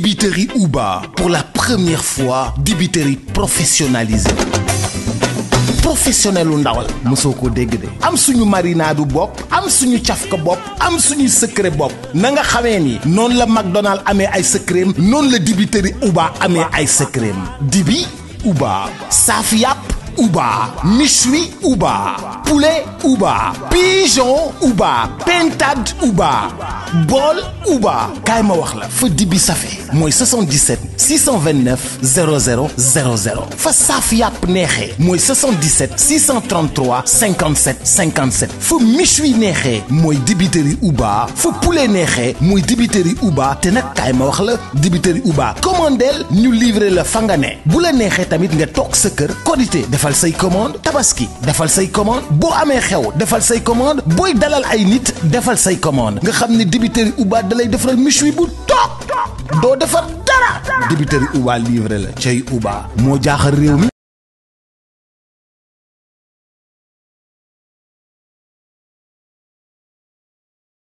débiterie Uba pour la première fois débiterie professionnalisée professionnel lu ndaw mosoo ko dégg de am suñu marinaadu bopp am suñu cafka bopp am suñu secret bopp na nga xamee nii noonu la McDonald amee ay secret noonu la dibiteri Uba amee ay secret dibi Uba saaf yàpp Ouba, méchoui Ouba, poulet Ouba, pigeon Ouba, pintade Ouba, bool Ouba. kaay ma wax la fa dibi safe mooy 77 629 00 00 fa saaf yàpp neexee mooy 77 633 57 57 fu miche wi neexee mooy dibiteri Uba fu poulet neexee mooy dibiteri Uba te nag kaay ma wax la dibiteri ubaa commandeel ñu livrer la fa nga ne bu la neexee tamit nga toog sa kër Korité defal say commande Tabaski defal say commande boo amee xew defal say commande booy dalal ay nit defal say commande nga xam ne dibiteri Uba dalay defaral miche wi bu toog. doo defar dara débiteur yi Uba la cay Uba moo jaaxal réew mi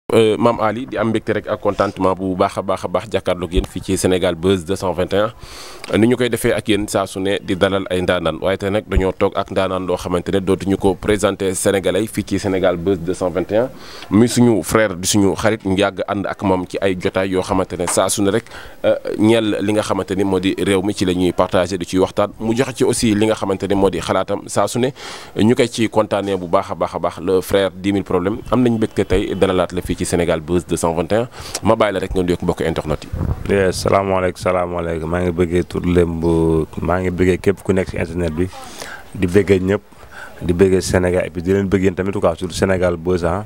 Euh, maam Ali di am mbégte rek ak contentement bu baax a baax a baax jàkkaarloog yéen fii ci Sénégal Buzz 221 ni ñu koy defee ak yéen saa su di dalal ay ndaanaan waaye tey nag dañoo toog ak ndaanaan loo xamante ne dootuñu ko présenté sénégalais fii ci Sénégal Buzz 221 muy suñu frère di suñu xarit ñu yàgg ànd ak moom ci ay jotaay yoo xamante ne saa su rek euh, ñeel li nga xamante ni moo di réew mi ci la ñuy partagé di ciy waxtaan mu joxe ci aussi li nga xamante ne moo di xalaatam saa su ñu koy ci kontaanee bu baax a baax a baax le frère 10 am nañu mbégte tey dalalaat la fii ci Sénégal Buzz 221 ma bàyyi la rek nga nuyoog mbokk internet yi. oui salaamaaleykum salaamaaleykum maa ngi bëggee tur lemb maa ngi bëggee képp ku nekk si internet bi di bëggee ñëpp. di bëggee Sénégal bi di leen bëggeen tamit en tout cas sur Sénégal Buzz ah.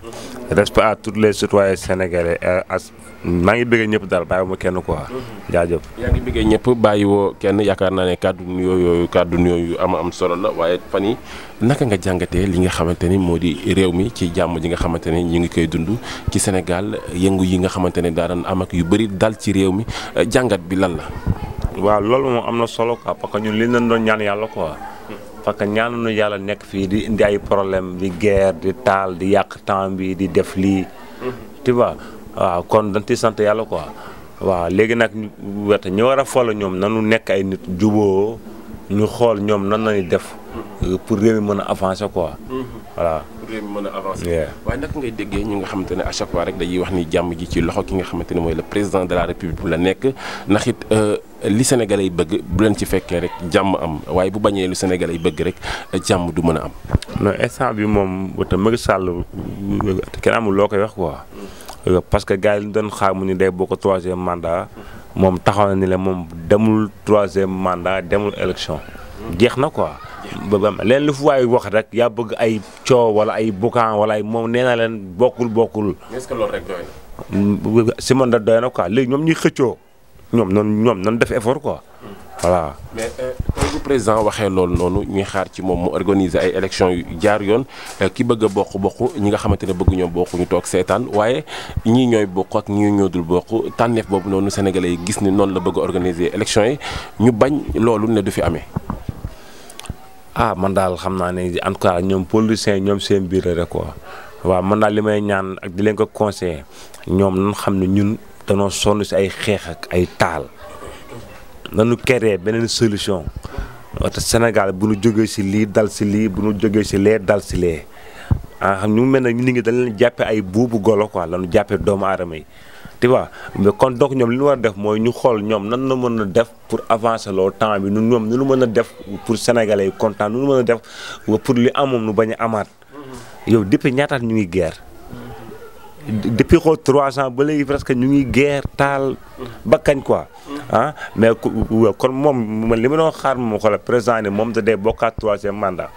respect à tous les citoyens sénégalais as maa ngi bëggee ñëpp daal bàyyiwuma kenn quoi. jaajëf. yaa ngi bëggee ñëpp bàyyiwoo kenn yaakaar naa ne kàddu yooyu kàddu yooyu am am solo la waaye fan yi naka nga jàngatee li nga xamante ni moo di réew mi ci jàmm ji nga xamante ne ñu ngi koy dund ci Sénégal yëngu yi nga xamante ne daan am ak yu bëri dal ci réew mi jàngat bi lan la. waaw loolu am na solo quoi parce que ñun doon ñaan yàlla quoi. parce que ñaanuñu yàlla nekk fii di indi ay problème di guerre di taal di yàq temps bi di def lii. Mm-hmm. tu vois kon dañ ci sant yàlla quoi. waaw léegi nag wete ñu war a fol ñoom nanu nekk ay nit juboo ñu xool ñoom nan lañuy def. pour réew mi mën a avancer quoi. Mm-hmm. voilà pour réew mi waaye naka ngay déggee ñu nga xamante ne à chaque fois rek dañuy wax ni jàmm ji ci loxo ki nga xamante ne mooy la président de la république la nekk ndax euh, li sénégal yi bëgg bu leen ci fekkee rek jàmm am waaye bu bañee lu Sénégalais yi bëgg rek jàmm du mën a am. non instant bi moom te Macky Sall loo koy wax quoi. Euh, parce que gars yi doon xaar mu ni day bokk troisième mandat. moom taxaw na ni la moom demul troisième mandat demul élection. jeex na quoi. leen lu fu waay wax rek yaa bëgg ay coow wala ay boucan wala ay moom nee na leen bokkul bokkul. est-ce que loolu si man da doy na quoi léegi ñoom ñuy xëccoo. ñoom nan ñoom nan def effort quoi. voilà mais euh, président waxee loolu noonu ñuy xaar ci moom mu organiser ay élections yu jaar yoon euh, ki bëgg a bokk ñi nga xamante ne bëgg ñoom bokk ñu toog seetaan waaye ñii bokk ak ñii ñoo dul bokk tànneef boobu noonu sénégalais yi gis ni noonu la bëgg a organiser yi ñu bañ loolu ne du fi amee. ah man daal xam naa ne en tout cas ñoom politiciens ñoom seen biir rek quoi waaw man daal li may ñaan ak di leen ko conseiller ñoom nañ xam ne ñun. danoo sonn si ay xeex ak ay taal nanu créer beneen solution te Sénégal bu nu jógee si lii dal si lii bu nu jógee si lee dal si lee ah xam ñu mel ne ñu ngi dañ leen jàppe ay buubu golo ko lanu jàppee doomu aadama yi tu vois kon donc ñoom li ñu war a def mooy ñu xool ñoom nan la mën a def pour avancer loolu temps bi ñun ñoom nu nu mën a def pour sénégalais yi kontaan nu nu mën a def pour li amoon nu bañ amaat mm-hmm. yow dépp ñaataat ñu ngi guerre depuis ko trois ans ba léegi presque ñu ngi guerre taal bakkañ kañ quoi ah mais kon moom man li ma doon xaar moom xoolal président ni moom te day bokkaat troisième mandat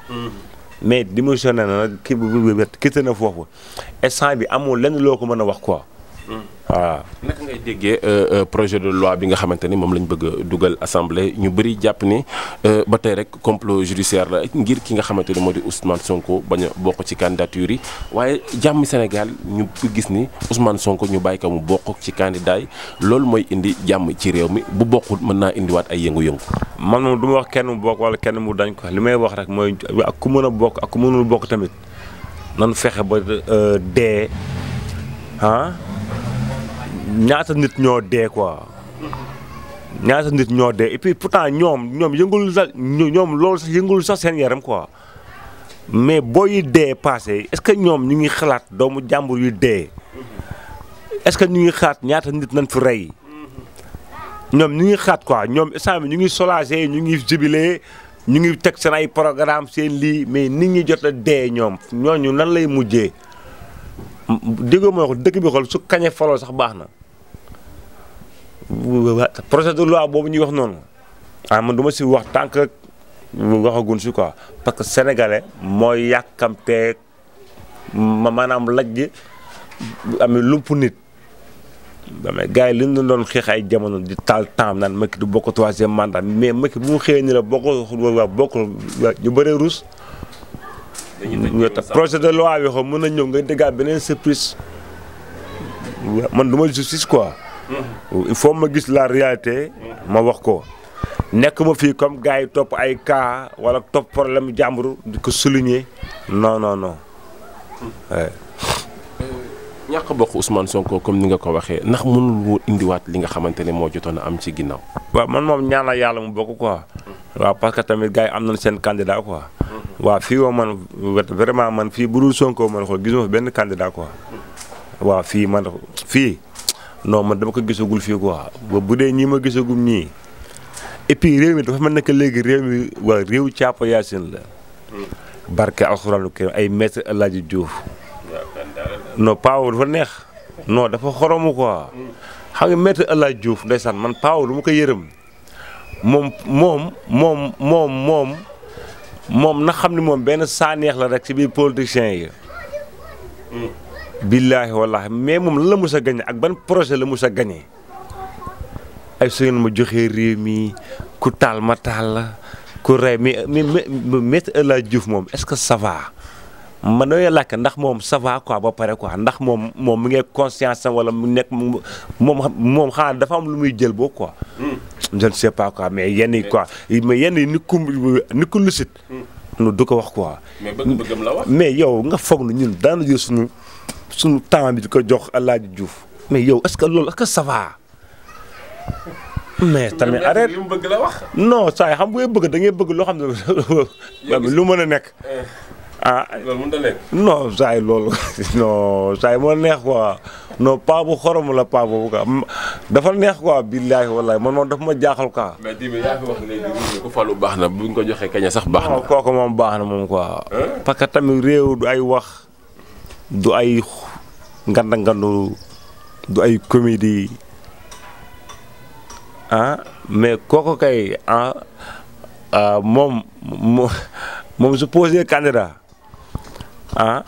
mais démissionné na nag kii quitté na foofu instant bi amul lenn loo ko mën a wax quoi waaw naka ngay déggee euh, euh, projet de loi bi nga xamante ni moom lañ bëgg a dugal assemblée ñu bëri jàpp ni euh, ba tey rek complot judiciaire la ngir ki nga xamante ni moo di Ousmane Sonko bañ bokk ci candidature yi waaye jàmm Sénégal ñu gis ni Ousmane Sonko ñu bàyyi mu bokk ci candidat loolu mooy indi jàmm ci réew mi bu bokkut mën naa indiwaat ay yëngu-yëngu. man moom du wax kenn mu bokk wala kenn mu dañ ko li may wax rek mooy ak ku mën a bokk ak ku mënul bokk tamit nan fexe ba dee ah, ñaata nit ñoo dee quoi ñaata nit ñoo dee et puis pourtant ñoom ñoom yëngul sax ñoom loolu sax sax seen yaram quoi mais booy yi dee passé est-ce que ñoom ñu ngi xalaat doomu jàmbur yu dee est-ce que ñu ngi xaat ñaata nit nañ fi rey ñoom ñu ngi xalaat quoi ñoom instant bi ñu ngi soulagé ñu ngi jubilé ñu ngi teg seen ay programme seen lii mais nit ñi jot a dee ñoom ñooñu nan lay mujje déggoo ma ko dëgg bi xool su kañe faloo sax baax na projet de loi boobu ñuy wax noonu ah duma si wax tant que waxagun si quoi parce que sénégalais mooy yàkkamtee ma maanaam laj gi amee lump nit damay gars yi li ñu doon xeex ay jamono di taal temps naan Macky du bokk troisième mandat mais Macky bu mu xëyee ni la bokk bokk ñu bëree ruus. dañuy projet de loi mën na ñëw nga déggaat beneen surprise man du ma justice quoi. il faut ma gis la réalité. ma wax ko nekk ma fii comme gars yi topp ay kaa wala topp problème jàmbur di ko souligner non non non. Euh, ñàkk bokk Ousmane Sonko comme ni nga ko waxee ndax mënul woo indiwaat li nga xamante ne moo jotoon am ci ginnaaw. waaw man moom ñaan la yàlla mu bokk quoi. waaw parce que tamit gars yi am nañ seen candidat quoi. waaw fii woo man vraiment man fii bu dul sonkoo man ko gisuma fi benn candidat quoi. waaw fii man fii. non man dama ko gisagul fii quoi ba bu dee ñii ma gisagum ñii et réew mi dafa mel ne léegi réew mi waa réew Caapa Yaasin la. barke alxuraanu karim ay maître El Hadji Diouf. non Paaw dafa neex. non dafa xoromu quoi. xam nga maître El Hadji Diouf ndeysaan man Paaw lu ma ko yërëm moom moom moom moom moom moom na xam ne moom benn saaneex la rek ci biir politiciens yi. billaahi wallaahi mais moom lan la mos a gagné ak ban projet la mos a gagné ay su ngeen ma joxee réew mi ku taal ma taal la ku rey mais mais Maître El Hadji Diouf moom est-ce que ça va man làkk ndax moom ça va ba pare quoi ndax moom mu ngi conscience am wala mu nekk moom moom xanaa dafa am lu muy jël boo hmm. mais yenn yi quoi hmm. ko wax quoi. mais bëgg nga foog ne ñun daana jël suñu. suñu temps bi di jox El Hadj Diouf mais yow est-ce que loolu est tamit arrête li mu bëgg la wax. non saa yi xam nga bëgg da ngay bëgg loo xam ne lu mën a nekk. Eh. ah loolu mënut a nekk. non saa yi loolu non moo neex quoi non paa bu xorom la paa boobu quoi dafa neex quoi billaahi wallaahi man moom dafa ma jaaxal ka mais Dibé yaa fi wax léegi ku falu baax na bu ñu ko joxee kañ sax baax na. kooku moom baax na moom quoi. parce que tamit réew ay wax. du ay nganda ngandu du ay comédie ah, mais kooku kay ah, ah, moom moom su posé candidat ah.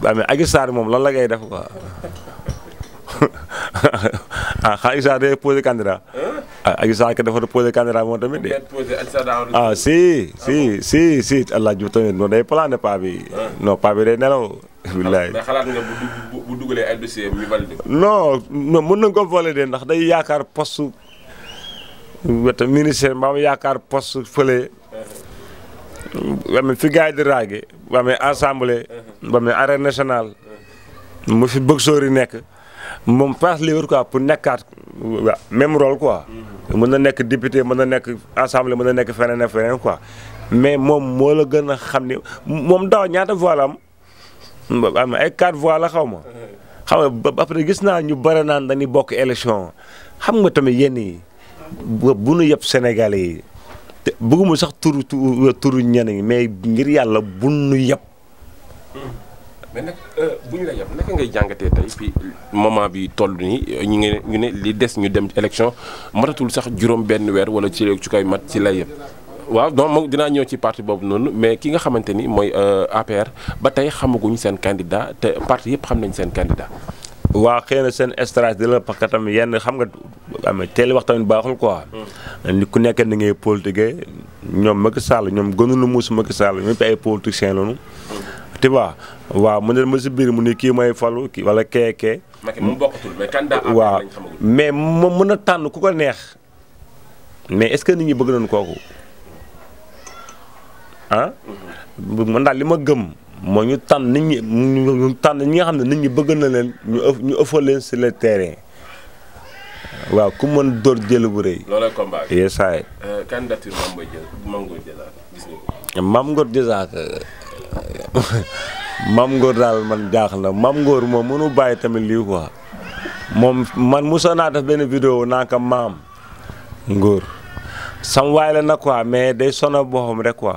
mais Adji moom lan la ngay def quoi ah xanaa Adji Sarr day posé candidat. ah Adji si si si si allah jub tamit noonu day plané paa bi. non paa day nelaw. wallaay mais xalaat nga bu mën nañ ko validé ndax day yaakaar poste weta ministère mbaam yaakaar post fële wame fi gars yi di raage wame assemblée wame arène nationale mu fi bëgg nekk moom place libre quoi pour nekkaat waaw même rôle quoi na nekk député mën na nekk assemblée mën na nekk feneen feneen quoi mais moom moo la gën a xam ni moom daaw ñaata voix am ay quatre voix la xaw ma. xam nga ba après gis naa ñu bare naan dañuy bokk élection xam nga tamit yéen yi bu nu yëpp Sénégalais yi te bëgguma sax turu turu ñenn ñi mais ngir yàlla bu nu yëpp. Euh, bu ñu la yab naka ngay jàngatee tey moment bi toll nii ñu ngi ñu ne li des ñu dem élection matatul sax juróom benn weer wala ci ci koy mat ci lay yëpp waaw non moom dinaa ñëw ci parti boobu noonu mais ki nga xamante ni mooy euh, APR ba tey xamaguñ seen candidat te parti yëpp xam nañ seen candidat. waa xëy na seen stratégie la parce que tamit yenn xam nga am teel wax tamit baaxul quoi. Hmm. ni ku nekk ni ngay ñoom Macky Sall ñoom gënuñu muus Macky Sall ñoom ay politiciens lañu. Hmm. tu vois waaw mu ne ma si mu ne kii may falu kii wala kee kee. Macky moom bokkatul mais mais moom mën a tànn ku ko neex mais est-ce que nit ñi bëgg nañu kooku. ah man daal li ma gëm moo ñu tànn nit ñi ñu tànn ñi nga xam ne nit ñi bëgg na leen ñu ëf ñu ëffal leen sur le terrain waaw ku mën door jël bu rëy. loolay combat bi yes saay. Euh, candidature Ngor daal man jaaxal na Mame Ngor moom mënu bàyyi tamit lii quoi moom man musa naa def benn vidéo naa ko maam Ngor. sam waay la nag quoi mais day sonal mu rek quoi.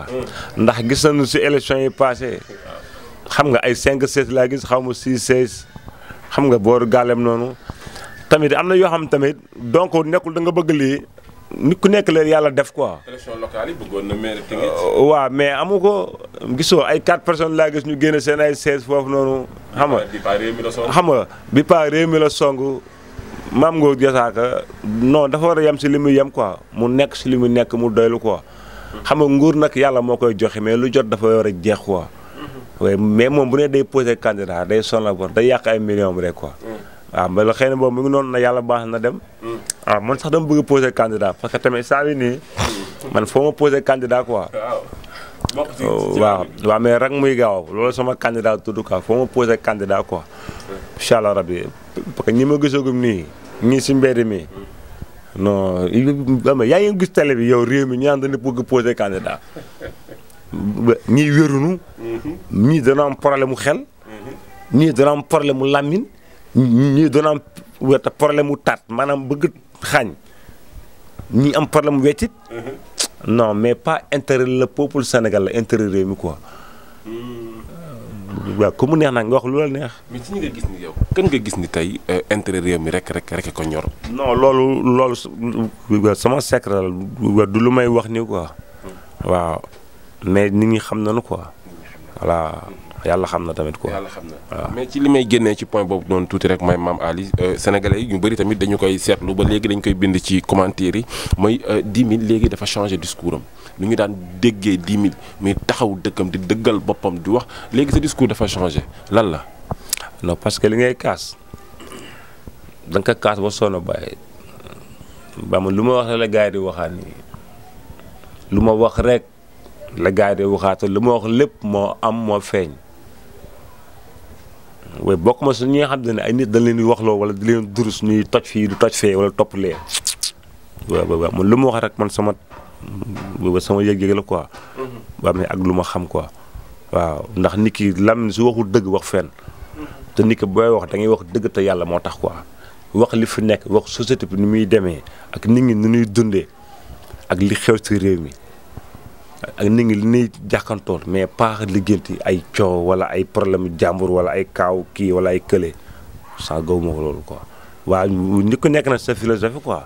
ndax gis na nañu si élection yi paase xam nga ay cinq 16 laa gis xaw ma 6 16 xam nga booru gàllem noonu tamit am na yoo xam tamit donc nekkul da nga bëgg lii. nu ku nekk la yàlla def quoi. élection locale yi bëggoon na maire tamit. Euh, waaw mais amu ko gisoo ay quatre personnes laa gis ñu génn seen ay seize foofu noonu. xam bi paa réew mi la song. xam nga bi maam Ngor Diazaka non dafa war a yem si li muy yem quoi mu nekk si li mu nekk mu doylu ko xam nga nguur nag yàlla moo koy joxe mais lu jot dafa war a jeex quoi. oui mais moom bu nee day posé candidat day sonal bor day yàq ay millions rek quoi. waaw ah, mbala xëy na boobu mu ngi noonu na yàlla baax na dem. waaw ah, man sax dama bëgg a posé parce que tamit saa nii. man foo ma posé candidat quoi. waaw oh, waaw mais rek muy gaaw loolu sama candidat tudd quoi foo ma posé candidat quoi. incha allah rabi parce que ñi ma gisagum nii. ñii si mbedd mi non yaa ngi gis télé bi yow réew mi ñu naan dañu bëgg poser candidat ñii wérunu mhm. ñii dana am problème mu xel mhm. ñii dana am problème mu làmmin ñii dana am problème mu taat maanaam bëgg xaañ ñii am problème mu weccit mhm. non mais pas intérêt le peuple sénégalais intérêt réew mi quoi hmm. waaw ku mu neex nag nga wax lu la neex. mais ci ñi gis ni yow. kan nga gis ni tey euh, intérêt réew mi rek rek rek ko ñor. non loolu loolu sama secret la du lu may wax ni quoi. Hmm. waaw mais nit ñi xam na nañu quoi. voilà yàlla xam na tamit quoi. yàlla xam na waaw mais ci li may génne ci point boobu doon tuuti rek mooy maam Ali euh, sénégalais yi ñu bëri tamit dañu koy seetlu ba léegi dañu koy bind ci commentaire yi mooy 10 euh, 000 léegi dafa changé discours am. nu ñu daan déggee dix mille mais taxaw dëkkam di dëggal boppam di wax léegi sa discours dafa changé lan la. non parce que li ngay kaas da ko kaas ba sonn bàyyi ba man lu ma wax rek la di waxaat nii lu ma wax rek la gars yi di waxaat ma wax lépp moo am moo feeñ. waaye bokk ma su ñi nga xam ne ay nit dañ leen di waxloo wala di leen ñuy toj fii du toj fee wala topp lee waaw waaw man lu ma wax rek man sama. booba sama yëg-yëg la quoi. Mm-hmm. ba amee ak lu ma xam ko waaw ndax nit ki lam su waxul dëgg wax fen mm-hmm. te nit ki booy wax da ngay wax dëgg te yàlla moo tax quoi. wax li fi nekk wax société bi nu muy demee ak nit ñi ni ñuy dundee ak li xew ci réew mi ak nit ñi li ñuy jàkkantool mais paax liggéenti ay coow wala ay problème jàmbur wala ay kaaw kii wala ay kële saa gaw ma ko quoi. waaw njëkk nekk na sa philosophie quoi.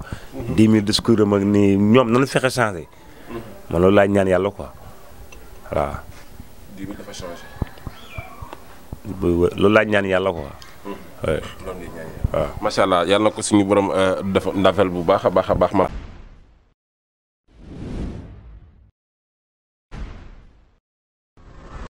10 mhm. 000 discours am ak nii ñoom nañu fexe changé. Mhm. man loolu laay ñaan yàlla quoi waaw. loolu laay ñaan yàlla quoi. Mhm. loolu laay ñaan yàlla ko suñu borom euh, dafa ndafel bu baax a baax a baax ma.